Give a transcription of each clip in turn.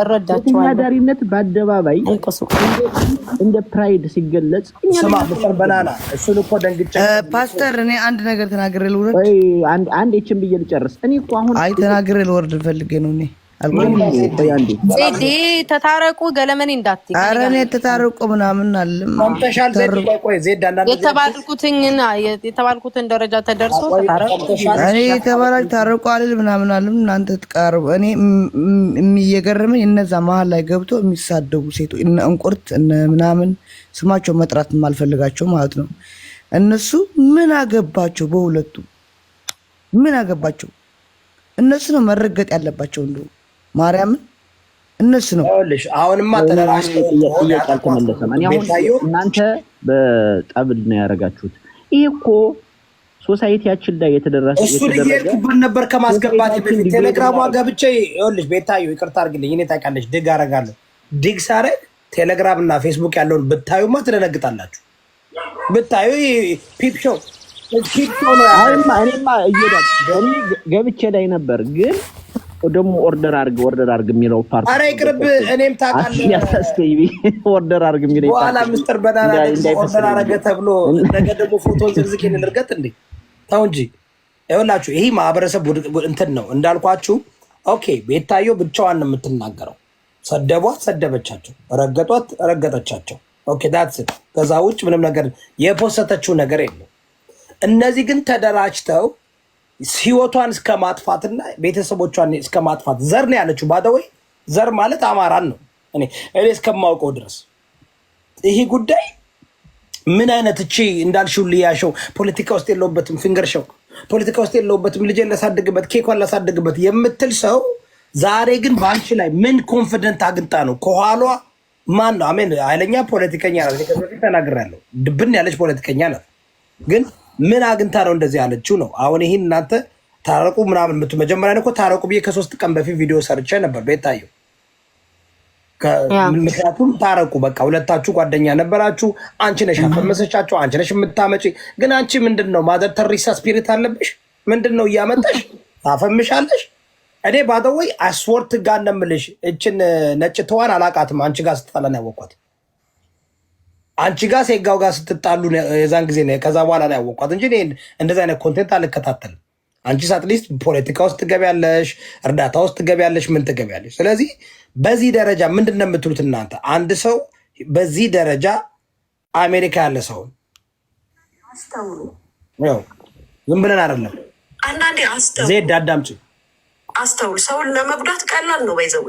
እረዳቸዋለሁ በአደባባይ እንደ ፕራይድ ሲገለጽ ፓስተር፣ እኔ አንድ ነገር ተናግሬ ልውረድ። አንድ ችን ብዬ ልጨርስ። እኔ እኮ አሁን አይ ተናግሬ ልወርድ ፈልጌ ነው እኔ ተታረቁ ገለመኔ እንዳትይ። ኧረ እኔ ተታረቁ ምናምን የተባልኩትን ደረጃ ተደርሶ እኔ ታረቁ አልል ምናምን እናንተ እኔ እነዛ መሀል ላይ ገብቶ የሚሳደቡ ሴቶች እንቁርት ምናምን ስማቸው መጥራት የማልፈልጋቸው ማለት ነው። እነሱ ምን አገባቸው? በሁለቱ ምን አገባቸው? እነሱ ነው መረገጥ ያለባቸው እንደው ማርያምን እነሱ ነው ልሽ አሁንማ እናንተ በጠብል ነው ያደረጋችሁት። ይህ እኮ ሶሳይቲያችን ላይ የተደረሰ እሱ ልየልኩብን ነበር ከማስገባት በፊት ቴሌግራሟ ገብቼ ልሽ ቤታዩ ይቅርታ አድርግልኝ። እኔ ታውቂያለሽ ድግ አደርጋለሁ። ድግ ሳረ ቴሌግራም እና ፌስቡክ ያለውን ብታዩማ ትደነግጣላችሁ። ብታዩ ፒፕ ሾው ፒፕ ሾው ነው። እኔማ እየዳ ገብቼ ላይ ነበር ግን ደግሞ ኦርደር አርግ ኦርደር አርግ የሚለው ፓርት አረ ይቅርብ። እኔም ታውቃለህ ያሳስተኝ ኦርደር አድርግ የሚለኝ በኋላ ምስጢር በዳና ኦርደር አረገ ተብሎ ነገ ደግሞ ፎቶ ዝግዝግ እንርገጥ እንዴ? ተው እንጂ ይኸውላችሁ፣ ይሄ ማህበረሰብ እንትን ነው እንዳልኳችሁ። ኦኬ ቤታዮ ብቻዋን ነው የምትናገረው። ሰደቧት፣ ሰደበቻቸው፣ ረገጧት፣ ረገጠቻቸው። ኦኬ ዳትስ ከዛ ውጭ ምንም ነገር የፖሰተችው ነገር የለም። እነዚህ ግን ተደራጅተው ህይወቷን እስከ ማጥፋትና ቤተሰቦቿን እስከ ማጥፋት ዘር ነው ያለችው። ባደወይ ዘር ማለት አማራን ነው። እኔ እኔ እስከማውቀው ድረስ ይሄ ጉዳይ ምን አይነት እቺ እንዳልሽው ልያሸው ፖለቲካ ውስጥ የለውበትም፣ ፊንገር ሸው ፖለቲካ ውስጥ የለውበትም፣ ልጄን ላሳድግበት፣ ኬኳን ላሳድግበት የምትል ሰው ዛሬ ግን በአንቺ ላይ ምን ኮንፊደንት አግኝታ ነው ከኋሏ ማን ነው? አሜን ኃይለኛ ፖለቲከኛ ናት። ከዚህ ተናግራለሁ። ድብን ያለች ፖለቲከኛ ናት ግን ምን አግኝታ ነው እንደዚህ ያለችው ነው። አሁን ይህን እናንተ ታረቁ ምናምን ምት መጀመሪያ እኮ ታረቁ ብዬ ከሶስት ቀን በፊት ቪዲዮ ሰርቼ ነበር ቤታየው። ምክንያቱም ታረቁ በቃ ሁለታችሁ ጓደኛ ነበራችሁ። አንቺ ነሽ አፈመሰቻቸው፣ አንቺ ነሽ የምታመጪ። ግን አንቺ ምንድን ነው ማዘር ተሪሳ ስፒሪት አለብሽ? ምንድን ነው እያመጠሽ ታፈምሻለሽ? እኔ ባደወይ አስወርት ጋር ነምልሽ እችን ነጭ ተዋን አላቃትም። አንቺ ጋር ስታለን ያወቅኳት አንቺ ጋር ሴጋው ጋር ስትጣሉ የዛን ጊዜ ከዛ በኋላ ላይ ያወቅኳት እንጂ እንደዚህ አይነት ኮንቴንት አልከታተልም። አንቺስ አትሊስት ፖለቲካ ውስጥ ትገቢያለሽ፣ እርዳታ ውስጥ ትገቢያለሽ፣ ምን ትገቢያለሽ። ስለዚህ በዚህ ደረጃ ምንድን ነው የምትሉት እናንተ? አንድ ሰው በዚህ ደረጃ አሜሪካ ያለ ሰው አስተውሉ። ዝም ብለን አይደለም። አንዳንዴ አስተውሉ፣ ዜድ አዳምጪ፣ አስተውሉ። ሰውን ለመጉዳት ቀላል ነው፣ ባይዘው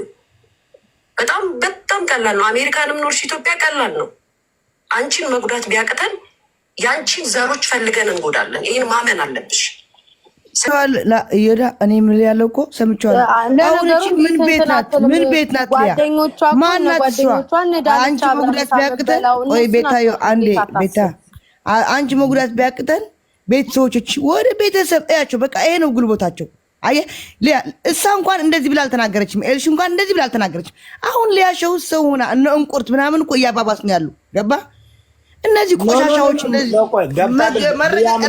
በጣም በጣም ቀላል ነው። አሜሪካንም ኖርሽ ኢትዮጵያ ቀላል ነው። አንቺን መጉዳት ቢያቅተን የአንቺን ዘሮች ፈልገን እንጎዳለን። ይህን ማመን አለብሽ። የዳ እኔ ምን ያለው እኮ ሰምቼዋለሁ። ምን ቤት ናት? ምን ቤት ናት? ያ ማናት? እሷ አንቺ መጉዳት ቢያቅተን ወይ ቤታ፣ አንዴ ቤታ፣ አንቺ መጉዳት ቢያቅተን ቤተሰቦች ወደ ቤተሰብ እያቸው። በቃ ይሄ ነው ጉልበታቸው። አየህ ሊያ እሷ እንኳን እንደዚህ ብላ አልተናገረችም። ኤልሽ እንኳን እንደዚህ ብላ አልተናገረችም። አሁን ሊያሸው ሰው ሆና እነ እንቁርት ምናምን እኮ እያባባስ ነው ያሉ ገባ እነዚህ ቆሻሻዎች እነዚህ